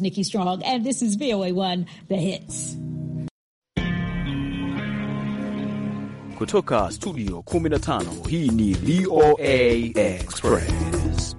Nikki Strong, and this is VOA1 The Hits. Kutoka studio 15, hii ni VOA Express.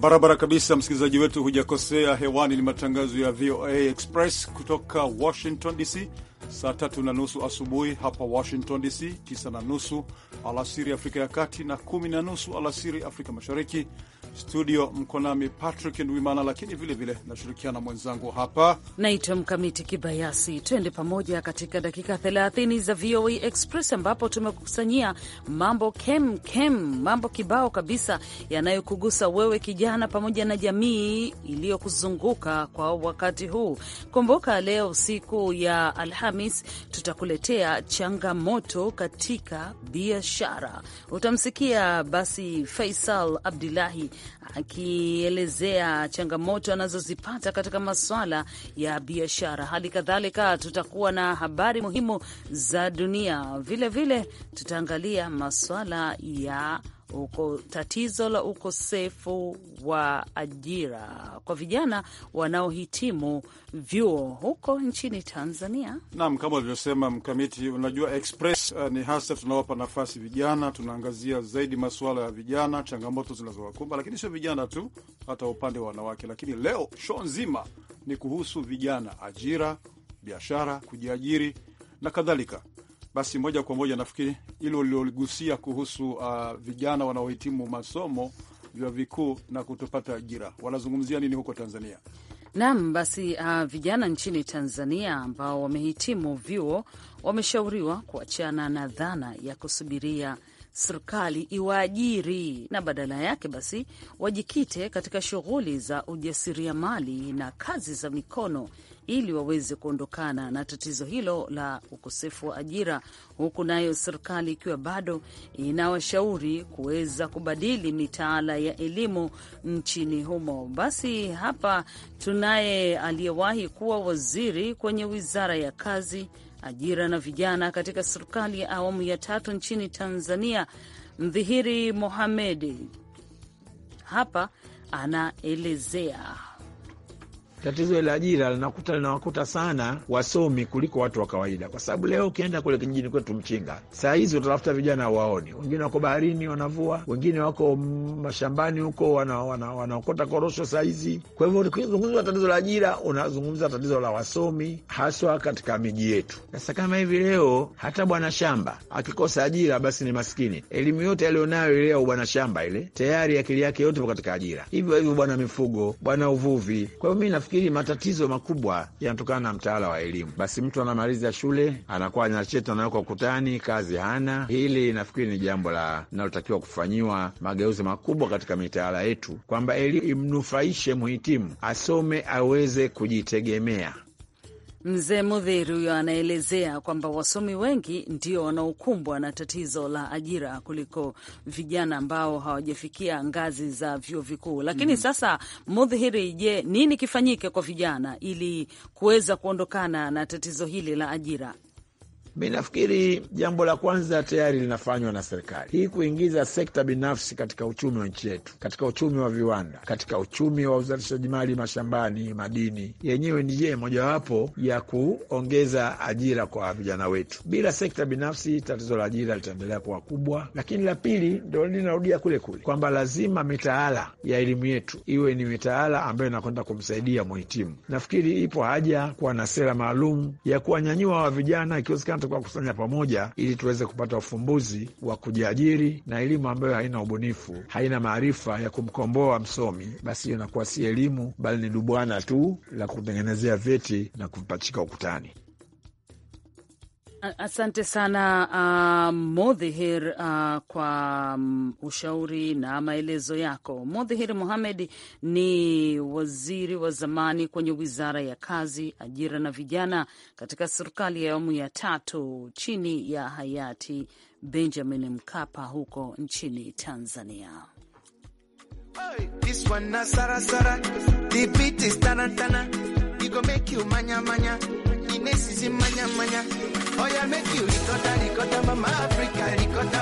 Barabara kabisa, msikilizaji wetu, hujakosea. Hewani ni matangazo ya VOA Express kutoka Washington DC saa tatu na nusu asubuhi hapa Washington DC, tisa na nusu alasiri Afrika ya Kati na kumi na nusu alasiri Afrika Mashariki. Studio mko nami Patrick Ndwimana, lakini vilevile nashirikiana mwenzangu hapa naitwa Mkamiti Kibayasi. Twende pamoja katika dakika 30 za VOA Express ambapo tumekusanyia mambo kem kem, mambo kibao kabisa yanayokugusa wewe kijana, pamoja na jamii iliyokuzunguka kwa wakati huu. Kumbuka leo siku ya Alhamisi Alhamis tutakuletea changamoto katika biashara. Utamsikia basi Faisal Abdullahi akielezea changamoto anazozipata katika maswala ya biashara. Hali kadhalika tutakuwa na habari muhimu za dunia, vilevile tutaangalia maswala ya uko tatizo la ukosefu wa ajira kwa vijana wanaohitimu vyuo huko nchini Tanzania. Naam, kama ulivyosema Mkamiti, unajua Express uh, ni hasa tunawapa nafasi vijana, tunaangazia zaidi masuala ya vijana, changamoto zinazowakumba, lakini sio vijana tu, hata upande wa wanawake. Lakini leo show nzima ni kuhusu vijana, ajira, biashara, kujiajiri na kadhalika. Basi moja kwa moja nafikiri hilo uliloligusia kuhusu uh, vijana wanaohitimu masomo vyuo vikuu na kutopata ajira, wanazungumzia nini huko Tanzania? Naam, basi uh, vijana nchini Tanzania ambao wamehitimu vyuo wameshauriwa kuachana na dhana ya kusubiria serikali iwaajiri na badala yake basi wajikite katika shughuli za ujasiriamali na kazi za mikono ili waweze kuondokana na tatizo hilo la ukosefu wa ajira, huku nayo serikali ikiwa bado inawashauri kuweza kubadili mitaala ya elimu nchini humo. Basi hapa tunaye aliyewahi kuwa waziri kwenye wizara ya kazi, ajira na vijana katika serikali ya awamu ya tatu nchini Tanzania, Mdhihiri Mohamedi hapa anaelezea tatizo la ajira linakuta linawakuta sana wasomi kuliko watu wa kawaida, kwa sababu leo ukienda kule kijijini kwetu Mchinga saa hizi utatafuta vijana waoni, wengine wako baharini wanavua, wengine wako mashambani huko wanaokota wana, wana korosho saa hizi. Kwa hivyo ukizungumza tatizo la ajira unazungumza tatizo la wasomi, haswa katika miji yetu. Sasa kama hivi leo hata bwana shamba akikosa ajira basi ni maskini. Elimu yote aliyonayo ile ya bwana shamba ile tayari akili yake yote katika ajira, hivyo hivyo bwana mifugo, bwana uvuvi. Kwa hiyo mi nafikiri matatizo makubwa yanatokana na mtaala wa elimu. Basi mtu anamaliza shule anakuwa na cheti anawekwa ukutani, kazi hana. Hili nafikiri ni jambo la linalotakiwa kufanyiwa mageuzi makubwa katika mitaala yetu, kwamba elimu imnufaishe mhitimu, asome aweze kujitegemea. Mzee Mudhiri huyo anaelezea kwamba wasomi wengi ndio wanaokumbwa na tatizo la ajira kuliko vijana ambao hawajafikia ngazi za vyuo vikuu. Lakini mm, sasa Mudhiri, je, nini kifanyike kwa vijana ili kuweza kuondokana na tatizo hili la ajira? Mi nafikiri jambo la kwanza tayari linafanywa na serikali hii, kuingiza sekta binafsi katika uchumi wa nchi yetu, katika uchumi wa viwanda, katika uchumi wa uzalishaji mali mashambani, madini, yenyewe ni je mojawapo ya kuongeza ajira kwa vijana wetu. Bila sekta binafsi, tatizo la ajira litaendelea kuwa kubwa. Lakini la pili ndo linarudia kule kule kwamba lazima mitaala ya elimu yetu iwe ni mitaala ambayo inakwenda kumsaidia mhitimu. Nafikiri ipo haja kuwa na sera maalum ya kuwanyanyua wa vijana ikiwezekana tunatakiwa kusanya pamoja ili tuweze kupata ufumbuzi wa kujiajiri, na elimu ambayo haina ubunifu, haina maarifa ya kumkomboa msomi, basi hiyo inakuwa si elimu, bali ni dubwana tu la kutengenezea vyeti na kupachika ukutani. Asante sana uh, Modhihir uh, kwa um, ushauri na maelezo yako. Modhihir muhamed ni waziri wa zamani kwenye wizara ya kazi, ajira na vijana katika serikali ya awamu ya tatu chini ya hayati Benjamin Mkapa huko nchini Tanzania. Hey, this one Oh yeah, make you ricotta, ricotta, mama Africa, ricotta,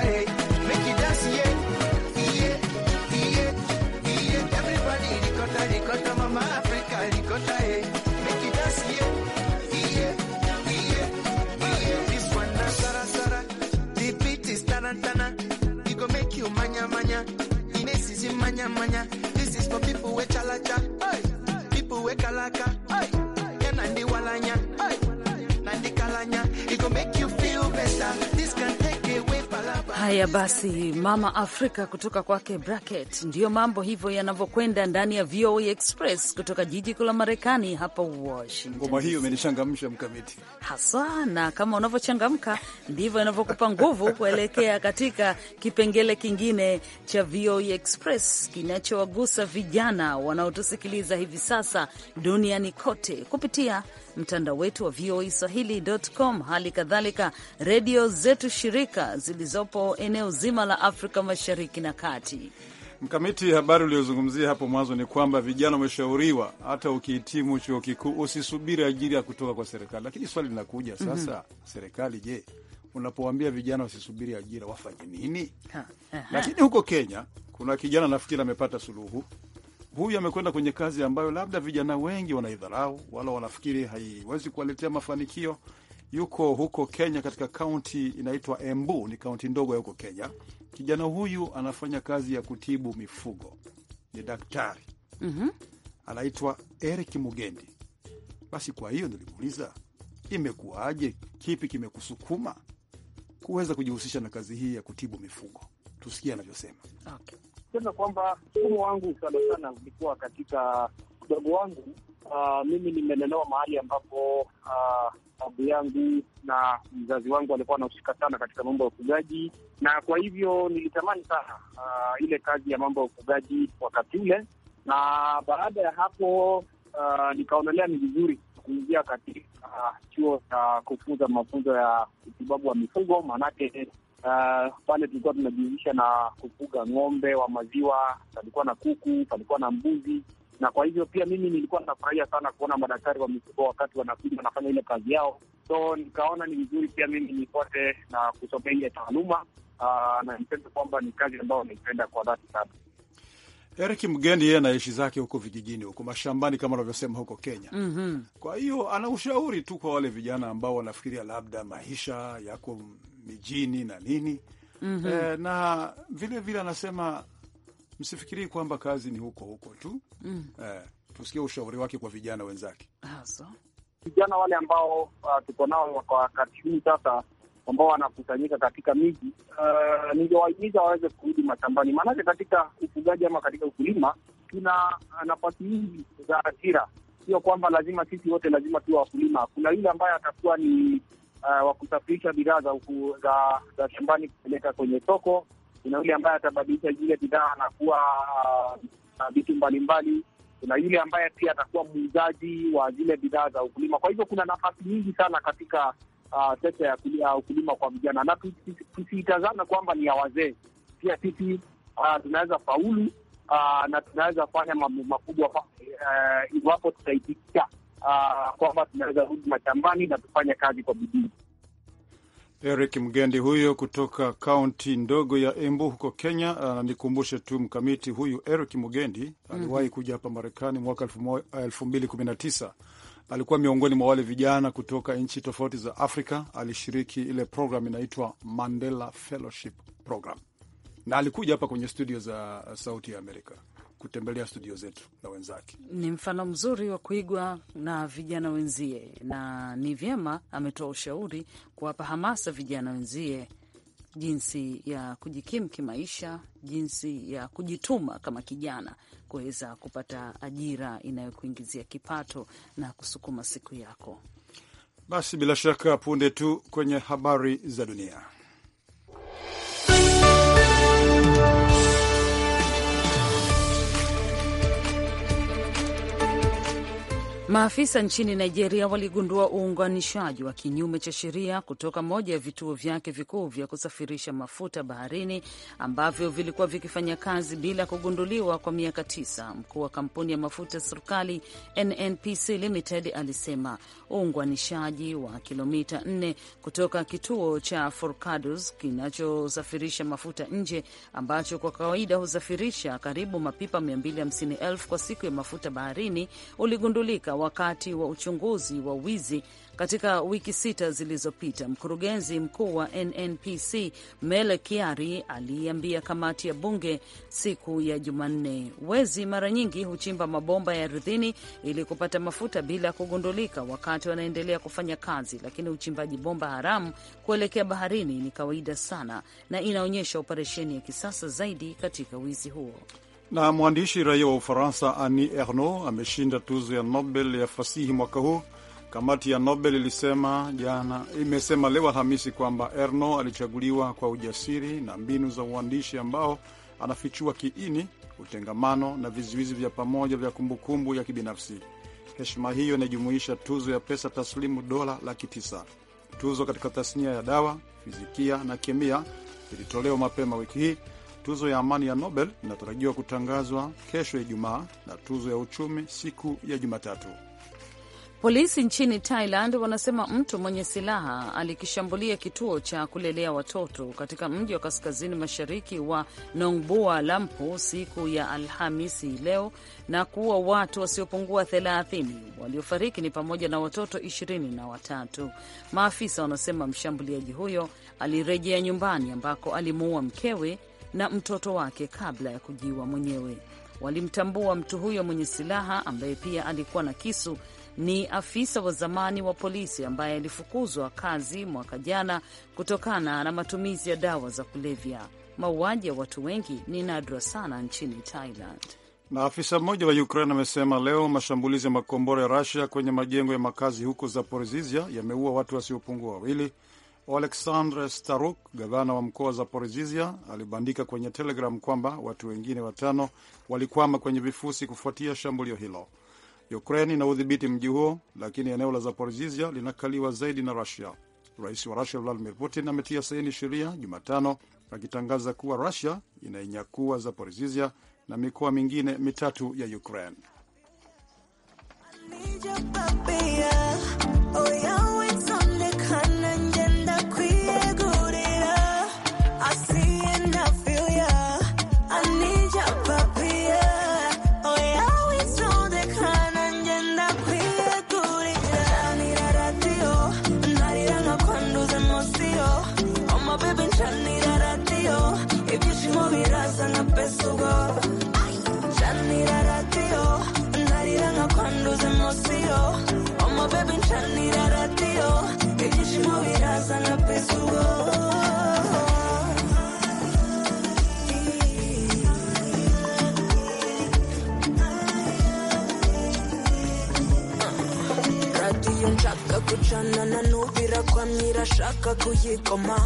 manya manya. This is for people with chalacha, hey. people with kalaka. Haya basi, mama Afrika kutoka kwake Bracket. Ndiyo mambo hivyo yanavyokwenda ndani ya VOA Express kutoka jiji kuu la Marekani hapa Washington. Ngoma hiyo imenichangamsha mkamiti haswa, na kama unavyochangamka ndivyo inavyokupa nguvu kuelekea katika kipengele kingine cha VOA Express kinachowagusa vijana wanaotusikiliza hivi sasa duniani kote kupitia mtandao wetu wa VOA Swahili.com, hali kadhalika redio zetu shirika zilizopo eneo zima la Afrika Mashariki na Kati. Mkamiti, habari uliozungumzia hapo mwanzo ni kwamba vijana wameshauriwa hata ukihitimu chuo kikuu usisubiri ajira ya kutoka kwa serikali. Lakini swali linakuja mhm. sasa, mm -hmm. Serikali je, unapowambia vijana wasisubiri ajira wafanye nini? ha, ha, ha. Lakini huko Kenya kuna kijana nafikiri amepata suluhu huyu amekwenda kwenye kazi ambayo labda vijana wengi wanaidharau wala wanafikiri haiwezi kuwaletea mafanikio. Yuko huko Kenya, katika kaunti inaitwa Embu, ni kaunti ndogo ya huko Kenya. Kijana huyu anafanya kazi ya kutibu mifugo, ni daktari mm -hmm. Anaitwa Eric Mugendi. Basi kwa hiyo nilimuuliza imekuwaje, kipi kimekusukuma kuweza kujihusisha na kazi hii ya kutibu mifugo? Tusikie anavyosema. Okay nasema kwamba mfumo wangu sana sana ulikuwa katika mdogo wangu. Uh, mimi nimelelewa mahali ambapo uh, babu yangu na mzazi wangu walikuwa wanahusika sana katika mambo ya ufugaji, na kwa hivyo nilitamani sana uh, ile kazi ya mambo ya ufugaji wakati ule, na baada ya hapo uh, nikaonelea ni vizuri kuingia katika uh, chuo cha kufunza mafunzo ya utibabu wa mifugo maanake Uh, pale tulikuwa tunajihusisha na kufuga ng'ombe wa maziwa, palikuwa na kuku, palikuwa na mbuzi, na kwa hivyo pia mimi nilikuwa nafurahia sana kuona madaktari wa mifugo wakati wanakuja wanafanya ile kazi yao, so nikaona ni vizuri pia mimi nipote na kusomea ile taaluma uh, na niseme kwamba ni kazi ambayo naipenda kwa dhati sana. Eric Mgendi yeye anaishi zake huko vijijini, huko mashambani kama anavyosema huko Kenya. mm -hmm. Kwa hiyo ana ushauri tu kwa wale vijana ambao wanafikiria labda maisha yako mijini na nini mm -hmm. E, na vilevile vile anasema msifikirii kwamba kazi ni huko huko tu mm. E, tusikie ushauri wake kwa vijana wenzake vijana wale ambao uh, tuko nao kwa wakati huu sasa ambao wanakusanyika katika miji uh, ningewahimiza waweze kurudi mashambani, maanake katika ufugaji ama katika ukulima tuna ah, nafasi nyingi za ajira. Sio kwamba lazima sisi wote lazima tuwe wakulima. Kuna yule ambaye atakuwa ni uh, wa kusafirisha bidhaa za za za shambani kupeleka kwenye soko. Kuna yule ambaye atabadilisha zile bidhaa na kuwa uh, uh, vitu mbalimbali. Kuna yule ambaye pia atakuwa muuzaji wa zile bidhaa za ukulima. Kwa hivyo kuna nafasi nyingi sana katika uh, sekta ya uh, ukulima kwa vijana, na tusiitazame kwamba ni ya wazee. Pia sisi uh, tunaweza faulu uh, na tunaweza fanya mambo makubwa uh, tutaitikia Ah, kwamba tunaweza rudi mashambani na tufanye kazi kwa bidii. Eric Mgendi huyo kutoka kaunti ndogo ya Embu huko Kenya. Ah, nikumbushe tu mkamiti huyu Eric Mgendi mm -hmm. aliwahi mhm. kuja hapa Marekani mwaka ah, elfu mbili kumi na tisa alikuwa miongoni mwa wale vijana kutoka nchi tofauti za Afrika. Alishiriki ile program inaitwa Mandela Fellowship Program, na alikuja hapa kwenye studio za Sauti ya Amerika kutembelea studio zetu na wenzake. Ni mfano mzuri wa kuigwa na vijana wenzie, na ni vyema ametoa ushauri kuwapa hamasa vijana wenzie jinsi ya kujikimu kimaisha, jinsi ya kujituma kama kijana kuweza kupata ajira inayokuingizia kipato na kusukuma siku yako. Basi bila shaka punde tu kwenye habari za dunia. Maafisa nchini Nigeria waligundua uunganishaji wa kinyume cha sheria kutoka moja ya vituo vyake vikuu vya kusafirisha mafuta baharini ambavyo vilikuwa vikifanya kazi bila kugunduliwa kwa miaka tisa. Mkuu wa kampuni ya mafuta ya serikali NNPC Limited alisema uunganishaji wa kilomita 4 kutoka kituo cha Forcados kinachosafirisha mafuta nje, ambacho kwa kawaida husafirisha karibu mapipa 250,000 kwa siku ya mafuta baharini uligundulika wakati wa uchunguzi wa wizi katika wiki sita zilizopita. Mkurugenzi mkuu wa NNPC Mele Kiari aliiambia kamati ya bunge siku ya Jumanne, wezi mara nyingi huchimba mabomba ya ardhini ili kupata mafuta bila kugundulika wakati wanaendelea kufanya kazi, lakini uchimbaji bomba haramu kuelekea baharini ni kawaida sana na inaonyesha operesheni ya kisasa zaidi katika wizi huo. Na mwandishi raia wa Ufaransa Annie Ernaux ameshinda tuzo ya Nobel ya fasihi mwaka huu. Kamati ya Nobel ilisema jana, imesema leo Alhamisi kwamba Ernaux alichaguliwa kwa ujasiri na mbinu za uandishi ambao anafichua kiini, utengamano na vizuizi vya pamoja vya kumbukumbu ya kibinafsi. Heshima hiyo inajumuisha tuzo ya pesa taslimu dola laki tisa. Tuzo katika tasnia ya dawa, fizikia na kemia zilitolewa mapema wiki hii Tuzo ya amani ya Nobel inatarajiwa kutangazwa kesho Ijumaa na tuzo ya uchumi siku ya Jumatatu. Polisi nchini Thailand wanasema mtu mwenye silaha alikishambulia kituo cha kulelea watoto katika mji wa kaskazini mashariki wa Nongbua lampu siku ya Alhamisi leo na kuua watu wasiopungua 30. Waliofariki ni pamoja na watoto ishirini na watatu. Maafisa wanasema mshambuliaji huyo alirejea nyumbani ambako alimuua mkewe na mtoto wake kabla ya kujiua mwenyewe. Walimtambua mtu huyo mwenye silaha ambaye pia alikuwa na kisu ni afisa wa zamani wa polisi ambaye alifukuzwa kazi mwaka jana kutokana na matumizi ya dawa za kulevya. Mauaji ya watu wengi ni nadra sana nchini Thailand. Na afisa mmoja wa Ukraine amesema leo mashambulizi ya makombora ya Rusia kwenye majengo ya makazi huko Zaporizhia yameua watu wasiopungua wawili Oleksandr Staruk, gavana wa mkoa wa Zaporizhia, alibandika kwenye Telegram kwamba watu wengine watano walikwama kwenye vifusi kufuatia shambulio hilo. Ukraine ina udhibiti mji huo, lakini eneo la Zaporizhia linakaliwa zaidi na Rusia. Rais wa Rusia Vladimir Putin ametia saini sheria Jumatano akitangaza kuwa Rusia inainyakuwa Zaporizhia na mikoa mingine mitatu ya Ukraine. kucana kuyikoma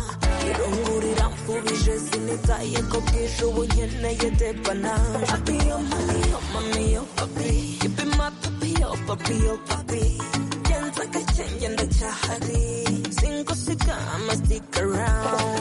irungurira mfubije sinitaye ko bwije ubu nkeneye papi you papi yo papi yo papi and the jahari. Cinco, six, I must stick around.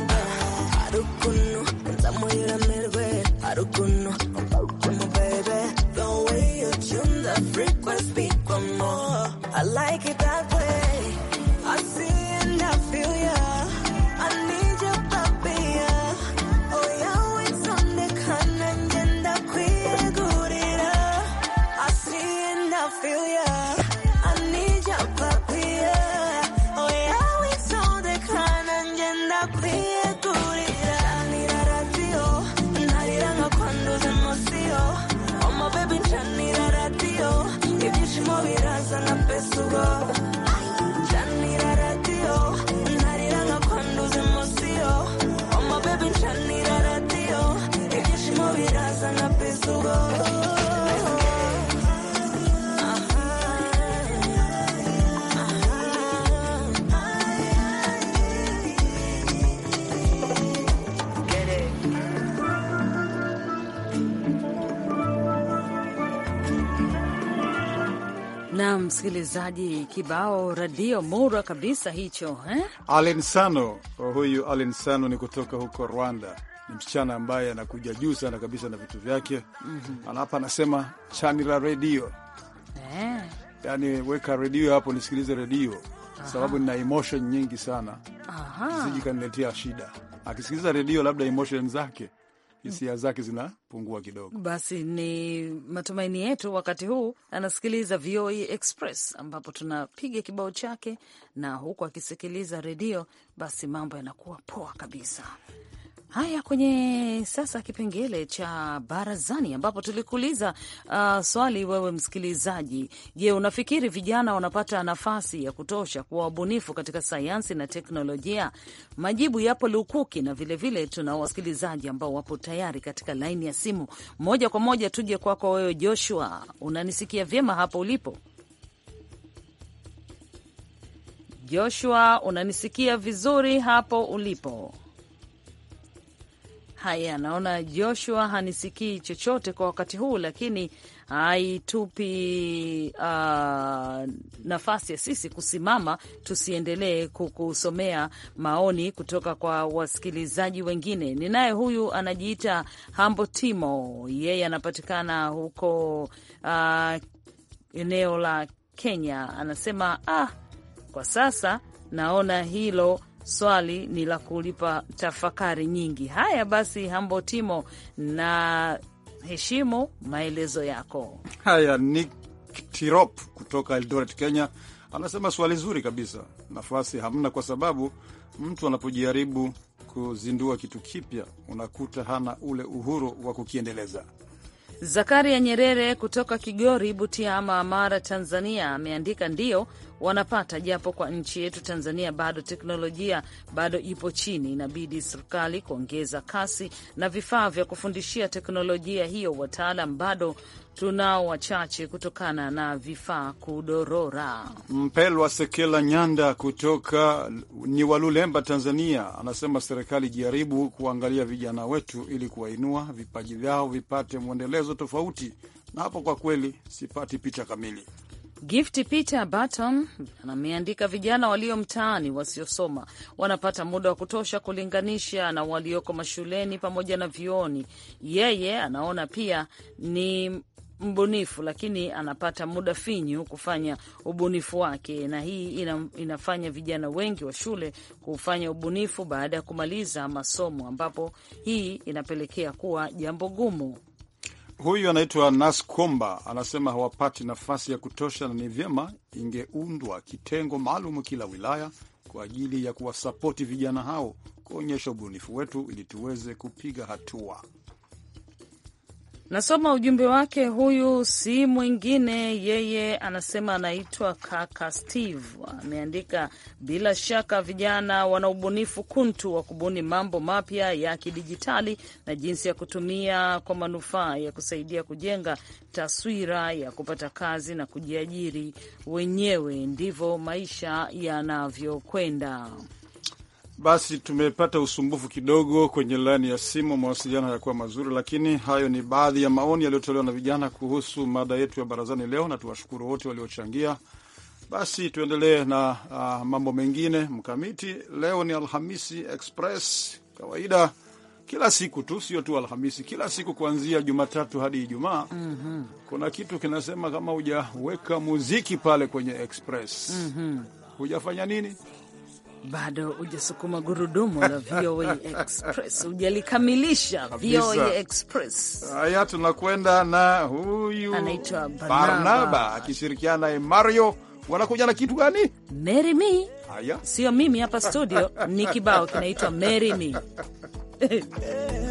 msikilizaji, kibao radio mura kabisa hicho eh? Alensano huyu Alensano ni kutoka huko Rwanda, ni msichana ambaye anakuja juu sana kabisa na vitu vyake mm -hmm. Hapa anasema la redio eh. Yani weka redio hapo nisikilize redio sababu nina emotion nyingi sana, zijikaniletea shida akisikiliza redio, labda emotion zake hisia zake zinapungua kidogo. Basi ni matumaini yetu wakati huu anasikiliza VOA e Express ambapo tunapiga kibao chake, na huku akisikiliza redio, basi mambo yanakuwa poa kabisa. Haya, kwenye sasa kipengele cha barazani, ambapo tulikuuliza uh, swali wewe msikilizaji, je, unafikiri vijana wanapata nafasi ya kutosha kuwa wabunifu katika sayansi na teknolojia? Majibu yapo lukuki, na vilevile tuna wasikilizaji ambao wapo tayari katika laini ya simu. Moja kwa moja tuje kwako, kwa wewe Joshua, unanisikia vyema hapo ulipo? Joshua, unanisikia vizuri hapo ulipo? Haya, naona Joshua hanisikii chochote kwa wakati huu, lakini haitupi uh, nafasi ya sisi kusimama tusiendelee kukusomea maoni kutoka kwa wasikilizaji wengine. Ninaye huyu anajiita Hambo Timo, yeye anapatikana huko uh, eneo la Kenya. Anasema ah, kwa sasa naona hilo swali ni la kulipa tafakari nyingi. Haya basi, Hambo Timo, na heshimu maelezo yako haya. Nick Tirop kutoka Eldoret, Kenya, anasema swali zuri kabisa. Nafasi hamna, kwa sababu mtu anapojaribu kuzindua kitu kipya unakuta hana ule uhuru wa kukiendeleza. Zakaria Nyerere kutoka Kigori, Butiama, Mara, Tanzania ameandika ndiyo, wanapata, japo kwa nchi yetu Tanzania bado teknolojia bado ipo chini. Inabidi serikali kuongeza kasi na vifaa vya kufundishia teknolojia hiyo. Wataalam bado tunao wachache kutokana na vifaa kudorora. Mpelwa Sekela Nyanda kutoka ni Walulemba, Tanzania, anasema serikali jaribu kuangalia vijana wetu ili kuwainua, vipaji vyao vipate mwendelezo tofauti. Na hapo kwa kweli sipati picha kamili. Gift Peter Barton ameandika vijana walio mtaani wasiosoma wanapata muda wa kutosha kulinganisha na walioko mashuleni pamoja na vioni. Yeye anaona pia ni mbunifu lakini anapata muda finyu kufanya ubunifu wake, na hii ina, inafanya vijana wengi wa shule kufanya ubunifu baada ya kumaliza masomo, ambapo hii inapelekea kuwa jambo gumu. Huyu anaitwa Nas Komba, anasema hawapati nafasi ya kutosha na ni vyema ingeundwa kitengo maalum kila wilaya kwa ajili ya kuwasapoti vijana hao kuonyesha ubunifu wetu ili tuweze kupiga hatua. Nasoma ujumbe wake, huyu si mwingine, yeye anasema anaitwa kaka Steve. Ameandika, bila shaka vijana wana ubunifu kuntu wa kubuni mambo mapya ya kidijitali na jinsi ya kutumia kwa manufaa ya kusaidia kujenga taswira ya kupata kazi na kujiajiri wenyewe. Ndivyo maisha yanavyokwenda. Basi tumepata usumbufu kidogo kwenye laini ya simu, mawasiliano hayakuwa mazuri, lakini hayo ni baadhi ya maoni yaliyotolewa na vijana kuhusu mada yetu ya barazani leo, na tuwashukuru wote waliochangia. Basi tuendelee na uh, mambo mengine. Mkamiti, leo ni Alhamisi Express. Kawaida kila siku tu, sio tu Alhamisi, kila siku kuanzia Jumatatu hadi Ijumaa mm -hmm. kuna kitu kinasema kama hujaweka muziki pale kwenye Express mm -hmm. hujafanya nini? bado hujasukuma gurudumu la VOA Express, hujalikamilisha VOA Express. Haya, tunakwenda na huyu anaitwa Barnaba akishirikiana na Mario, wanakuja na kitu gani? Marry me, sio mimi hapa studio, ni kibao kinaitwa Marry me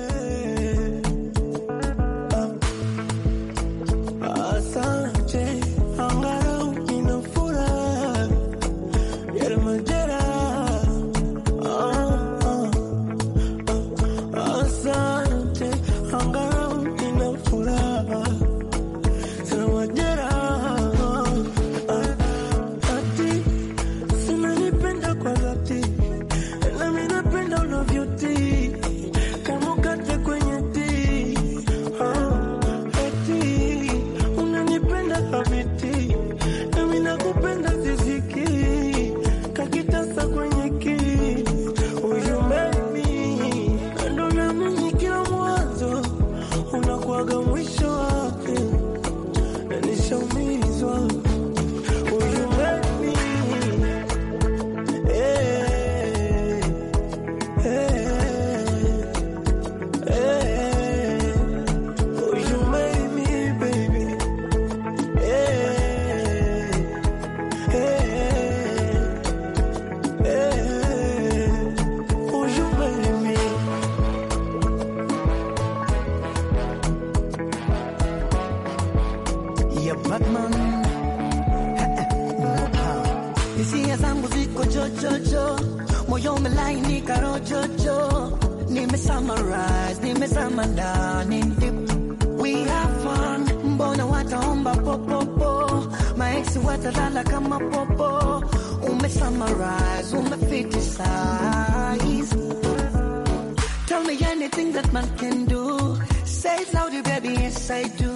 man can do. Say it loud, baby, yes I do.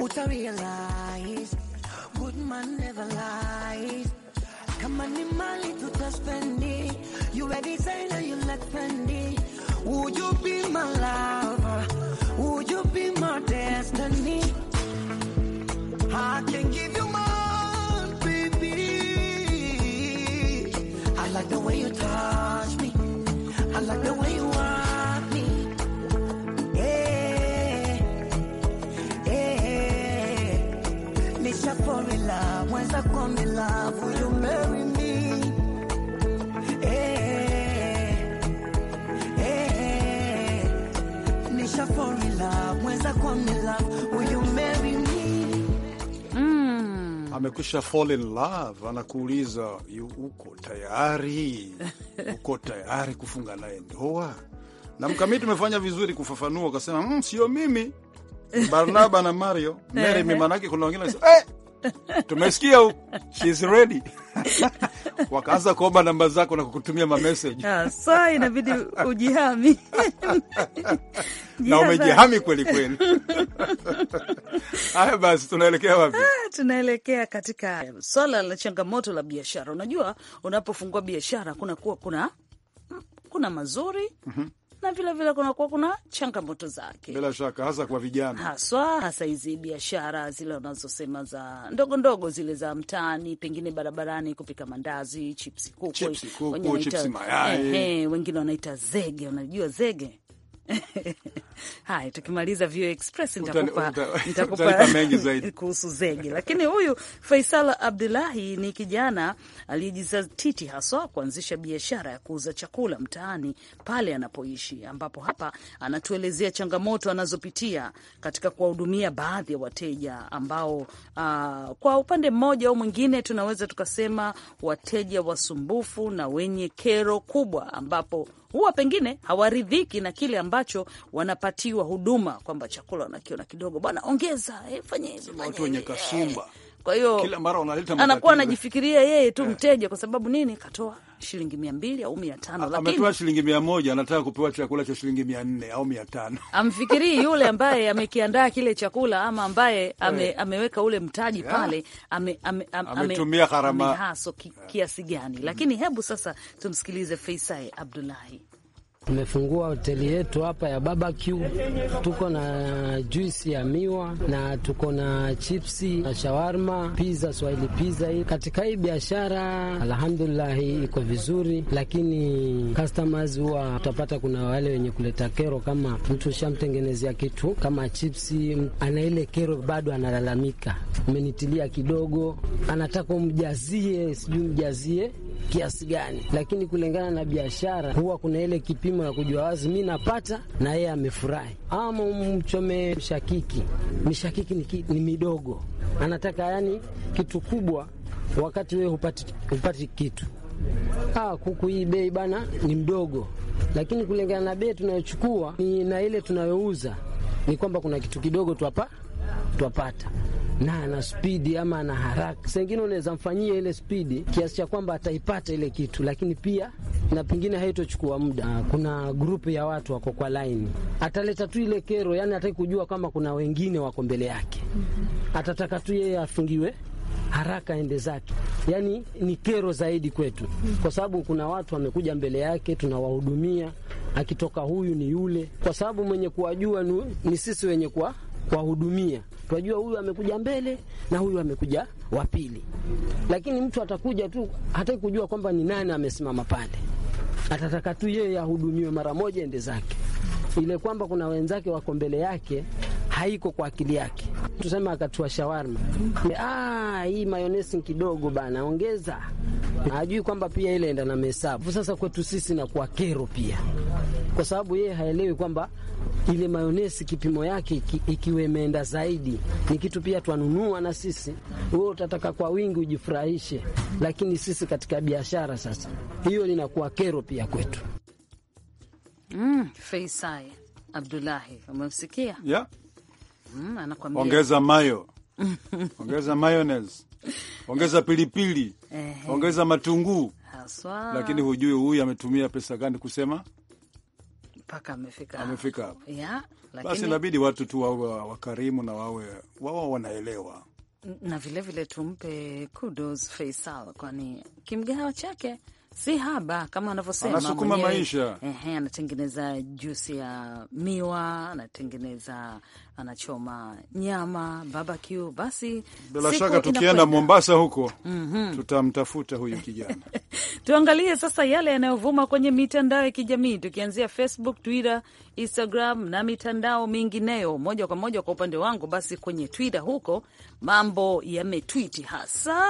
What I realize? Good man never lies. Come on in my little trust Fendi. You a designer, you like Fendi. Would you be my lover? Would you be my destiny? I can give you more, baby. I like the way you touch me. I like the way you are. Eh, eh, mm. Amekwisha fall in love, anakuuliza uko tayari, uko tayari kufunga naye ndoa? Na mkamiti umefanya vizuri kufafanua, ukasema mm, sio mimi Barnaba na Mario Mary, maanake kuna wengine eh tumesikia she's ready wakaanza kuomba namba zako na kukutumia mameseji ah, sa inabidi ujihami na umejihami kweli kweli. Haya basi, tunaelekea wapi? Ah, tunaelekea katika swala la changamoto la biashara. Unajua, unapofungua biashara kunakuwa kuna hmm, kuna mazuri mm -hmm na vilevile kunakuwa kuna changamoto zake, bila shaka, hasa kwa vijana haswa, hasa hizi biashara zile wanazosema za ndogo ndogo zile za mtaani, pengine barabarani, kupika mandazi, chipsi kuku, chipsi kuku, chipsi mayai, eh, eh, wengine wanaita zege. Unajua zege Haya, tukimaliza Vio Express nitakupa mengi zaidi kuhusu zege. Lakini huyu Faisal Abdulahi ni kijana aliyejizatiti haswa kuanzisha biashara ya kuuza chakula mtaani pale anapoishi, ambapo hapa anatuelezea changamoto anazopitia katika kuwahudumia baadhi ya wateja ambao, uh, kwa upande mmoja au mwingine, tunaweza tukasema wateja wasumbufu na wenye kero kubwa, ambapo huwa pengine hawaridhiki na kile ambacho wanapatiwa huduma, kwamba chakula wanakiona kidogo, bwana ongeza, eh, hivi, watu wenye kasumba kwa hiyo anakuwa anajifikiria yeye tu eh. mteja kwa sababu nini katoa shilingi mia mbili au mia tano lakini ametoa shilingi mia moja anataka kupewa chakula cha shilingi mia nne au mia tano amfikirii yule ambaye amekiandaa kile chakula ama ambaye eh. ame, ameweka ule mtaji yeah, pale ame, ame, ame, gharama haso ki, yeah, kiasi gani? Eh. Lakini hebu sasa tumsikilize Faisai Abdullahi. Tumefungua hoteli yetu hapa ya barbecue. Tuko na juisi ya miwa na tuko na chipsi na shawarma, pizza, swahili pizza. Hii katika hii biashara alhamdulillah iko vizuri, lakini customers huwa utapata kuna wale wenye kuleta kero, kama mtu shamtengenezea kitu kama chipsi, ana ile kero bado analalamika, umenitilia kidogo, anataka umjazie, sijui mjazie kiasi gani, lakini kulingana na biashara huwa kuna ile kipimo ya kujua wazi, mi napata na yeye amefurahi. Ama umchome mshakiki, mishakiki ni, ni midogo, anataka yani kitu kubwa, wakati wewe hupati, hupati kitu Ah, kuku hii bei bana ni mdogo, lakini kulingana na bei tunayochukua ni na ile tunayouza ni kwamba kuna kitu kidogo twapa twapata na ana spidi ama ana haraka. Saa ingine unaweza mfanyia ile spidi kiasi cha kwamba ataipata ile kitu, lakini pia na pengine haitochukua muda. Ah, kuna grupu ya watu wako kwa laini, ataleta tu ile kero, yani hataki kujua kama kuna wengine wako mbele yake, mhm. atataka tu yeye afungiwe haraka ende zake. Yani ni kero zaidi kwetu, mhm. kwa sababu kuna watu wamekuja mbele yake, tunawahudumia, akitoka huyu ni yule, kwa sababu mwenye kuwajua ni sisi wenye kuwa kuwahudumia. Tunajua huyu amekuja mbele na huyu amekuja wa pili, lakini mtu atakuja tu, hataki kujua kwamba ni nani amesimama pale, atataka tu yeye ahudumiwe mara moja, ende zake. Ile kwamba kuna wenzake wako mbele yake haiko kwa akili yake. Tuseme akatua shawarma, ah, hii mayonesi kidogo bana, ongeza. ajui kwamba pia ile enda na mesabu. Sasa kwetu sisi na kwa kero pia, kwa sababu yeye haelewi kwamba ile mayonesi kipimo yake iki, ikiwe imeenda zaidi, ni kitu pia twanunua na sisi. Wewe utataka kwa wingi ujifurahishe, lakini sisi katika biashara sasa hiyo linakuwa kero pia kwetu. Mm, Feisai Abdullahi umemsikia? Yeah. Mm, anakuambia ongeza mayo ongeza mayones ongeza pilipili ongeza matunguu lakini hujui huyu ametumia pesa gani kusema mpaka amefika amefika hapo ya, lakini... Basi inabidi watu tu wawe wakarimu na wawe wao wanaelewa, na vilevile vile tumpe kudos Faisal, kwani kimgao chake si haba kama anavyosema, anasukuma maisha. Ehe, anatengeneza juisi ya miwa, anatengeneza anachoma nyama barbecue. Basi bila shaka tukienda Mombasa huko mm -hmm. tutamtafuta huyu kijana tuangalie sasa yale yanayovuma kwenye mitandao ya kijamii tukianzia Facebook, Twitter, Instagram na mitandao mingineyo. Moja kwa moja kwa upande wangu, basi kwenye Twitter huko mambo yametwiti hasa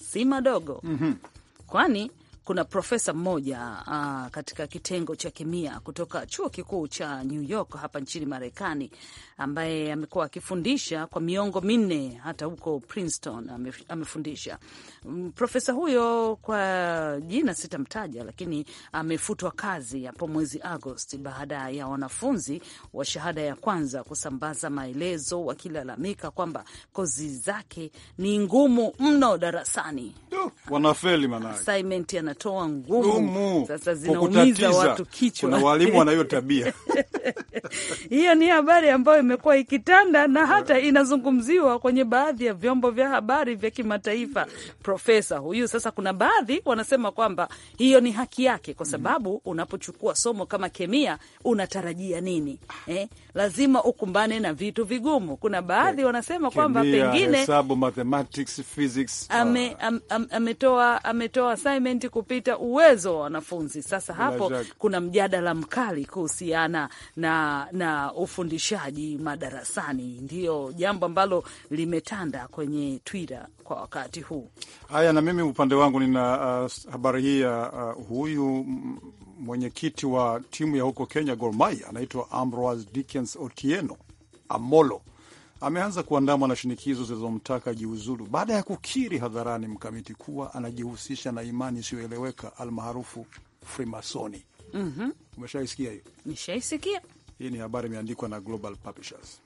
si madogo mm -hmm kwani kuna profesa mmoja uh, katika kitengo cha kemia kutoka chuo kikuu cha New York hapa nchini Marekani, ambaye amekuwa akifundisha kwa miongo minne hata huko Princeton amefundisha. Mm, profesa huyo kwa jina sitamtaja, lakini amefutwa kazi hapo mwezi Agosti baada ya wanafunzi wa shahada ya kwanza kusambaza maelezo wakilalamika kwamba kozi zake ni ngumu mno darasani, wanafeli zinatoa ngumu, sasa zinaumiza watu kichwa. Kuna walimu wanayo tabia hiyo. Ni habari ambayo imekuwa ikitanda na hata inazungumziwa kwenye baadhi ya vyombo vya habari vya kimataifa. Profesa huyu sasa, kuna baadhi wanasema kwamba hiyo ni haki yake, kwa sababu unapochukua somo kama kemia unatarajia nini? Eh, lazima ukumbane na vitu vigumu. Kuna baadhi wanasema kwamba pengine hesabu, mathematics, physics, ame, ah. am, am, ametoa ametoa assignment kupita uwezo wa wanafunzi. Sasa hapo kuna mjadala mkali kuhusiana na, na ufundishaji madarasani, ndiyo jambo ambalo limetanda kwenye Twitter kwa wakati huu. Haya, na mimi upande wangu nina uh, habari hii ya uh, huyu mwenyekiti wa timu ya huko Kenya Gor Mahia anaitwa Ambrose Dickens Otieno Amolo ameanza kuandamwa na shinikizo zilizomtaka jiuzulu baada ya kukiri hadharani mkamiti kuwa anajihusisha na imani isiyoeleweka almaarufu Frimasoni. mm -hmm. Umeshaisikia hiyo? Nishaisikia. Hii ni habari imeandikwa na Global Publishers.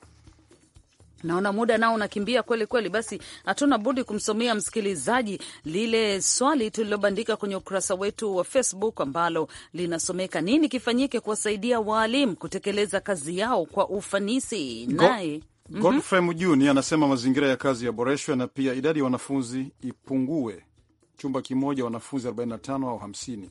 Naona muda nao unakimbia kweli kweli, basi hatuna budi kumsomea msikilizaji lile swali tulilobandika kwenye ukurasa wetu wa Facebook ambalo linasomeka nini kifanyike kuwasaidia waalimu kutekeleza kazi yao kwa ufanisi. Naye Mm-hmm. Godfrey Mjuni anasema mazingira ya kazi yaboreshwe na pia idadi ya wanafunzi ipungue, chumba kimoja wanafunzi 45 au 50.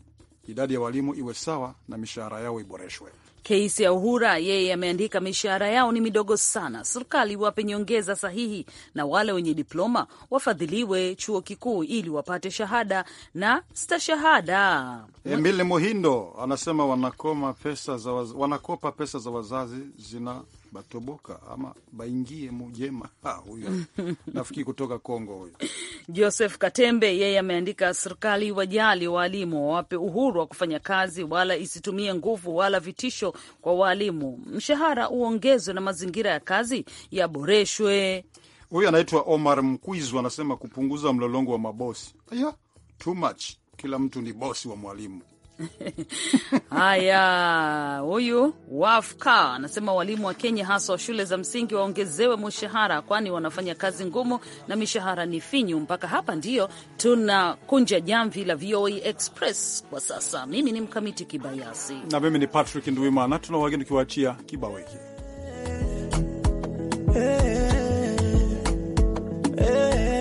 Idadi ya walimu iwe sawa na mishahara yao iboreshwe. kesi ya Uhura yeye ameandika, mishahara yao ni midogo sana, serikali wape nyongeza sahihi, na wale wenye diploma wafadhiliwe chuo kikuu ili wapate shahada na stashahada. Emile Mohindo anasema wanakoma pesa za waz... wanakopa pesa za wazazi zina batoboka ama baingie mujema. Huyo nafikiri kutoka Kongo huyo. Joseph Katembe yeye ameandika, serikali wajali waalimu, wawape uhuru wa kufanya kazi, wala isitumie nguvu wala vitisho kwa waalimu. Mshahara uongezwe na mazingira ya kazi yaboreshwe. Huyu anaitwa Omar Mkwizu anasema kupunguza mlolongo wa mabosi. Aya, too much, kila mtu ni bosi wa mwalimu. Haya, huyu Wafka anasema walimu wa Kenya hasa wa shule za msingi waongezewe mishahara kwani wanafanya kazi ngumu na mishahara ni finyu. Mpaka hapa ndiyo tunakunja jamvi la VOA e Express kwa sasa. Mimi ni Mkamiti Kibayasi na mimi ni Patrick Nduimana. Tuna wageni tukiwaachia kibao hiki hey, eh, eh, hey, eh, hey.